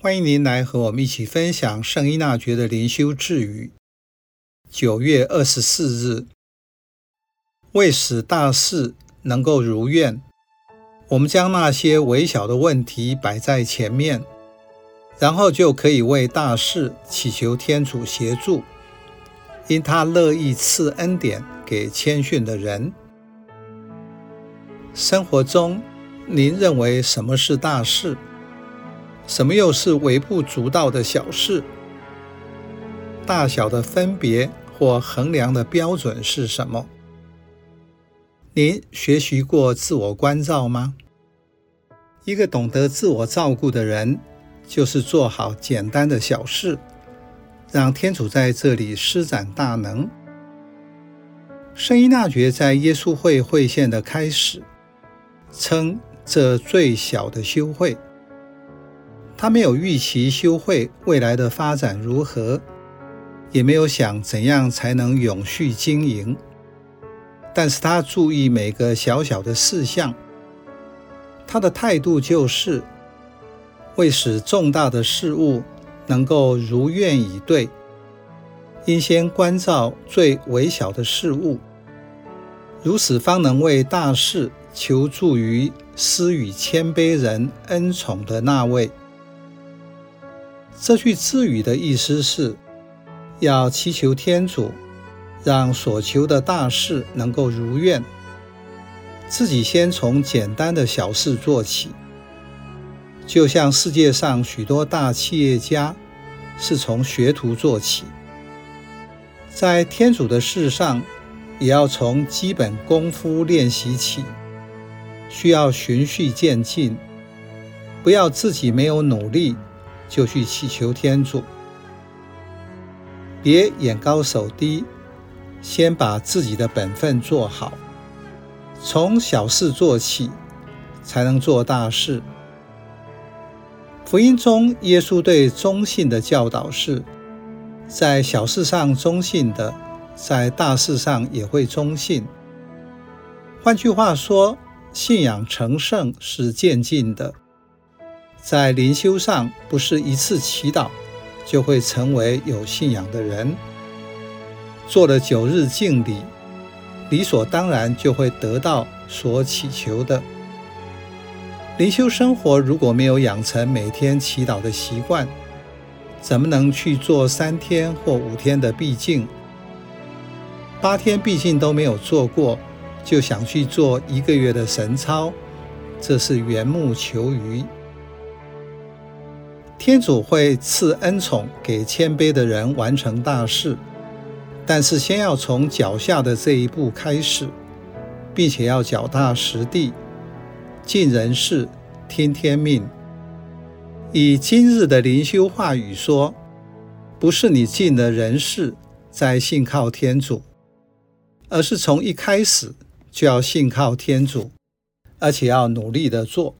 歡迎您來和我們一起分享聖依納爵的靈修智語。九月二十四日，為使大事能夠如願，我們將那些微小的問題擺在前面，然後就可以為大事祈求天主協助，因他樂意賜恩典給謙遜的人。生活中，您認為什麼是大事？什麼又是微不足道的小事？大小的分別或衡量的標準是什麼？您學習過自我關照嗎？一個懂得自我照顧的人，就是做好簡單的小事，讓天主在這裡施展大能。聖依納爵在耶穌會會憲的開始，稱這最小的修會。他沒有預期修會未來的發展如何，也沒有想怎樣才能永續經營。但是他注意每個小小的事項。他的態度就是：為使重大的事務能夠如願以對，應先關照最微小的事務，如此方能為大事求助於施予謙卑人恩寵的那位。這句智語的意思是，要祈求天主，讓所求的大事能夠如願。自己先從簡單的小事做起，就像世界上許多大企業家是從學徒做起，在天主的事上，也要從基本功夫練習起，需要循序漸進，不要自己沒有努力，就去祈求天主。別眼高手低，先把自己的本分做好，從小事做起，才能做大事。福音中，耶穌對忠信的教導是：在小事上忠信的，在大事上也會忠信。換句話說，信仰成聖是漸進的。在靈修上，不是一次祈禱就會成為有信仰的人。做了九日敬禮，理所當然就會得到所祈求的。靈修生活如果沒有養成每天祈禱的習慣，怎麼能去做三天或五天的避靜？八天避靜都沒有做過，就想去做一個月的神操，這是緣木求魚。天主會賜恩寵給謙卑的人完成大事，但是先要從腳下的這一步開始，並且要腳踏實地，盡人事，聽天命。以今日的靈修話語說，不是你盡了人事再信靠天主，而是從一開始就要信靠天主，而且要努力的做。